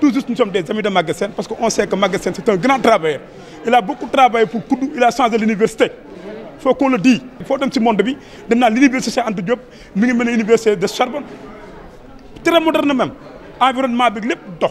Tout juste, nous sommes des amis de Magasin parce qu'on sait que Magasin c'est un grand travailleur. Il a beaucoup travaillé pour Koudou, il a changé l'université. Il faut qu'on le dise. Il faut un petit monde de vie, l'université Diop l'université de Charbonne. très moderne même environnement ma lépp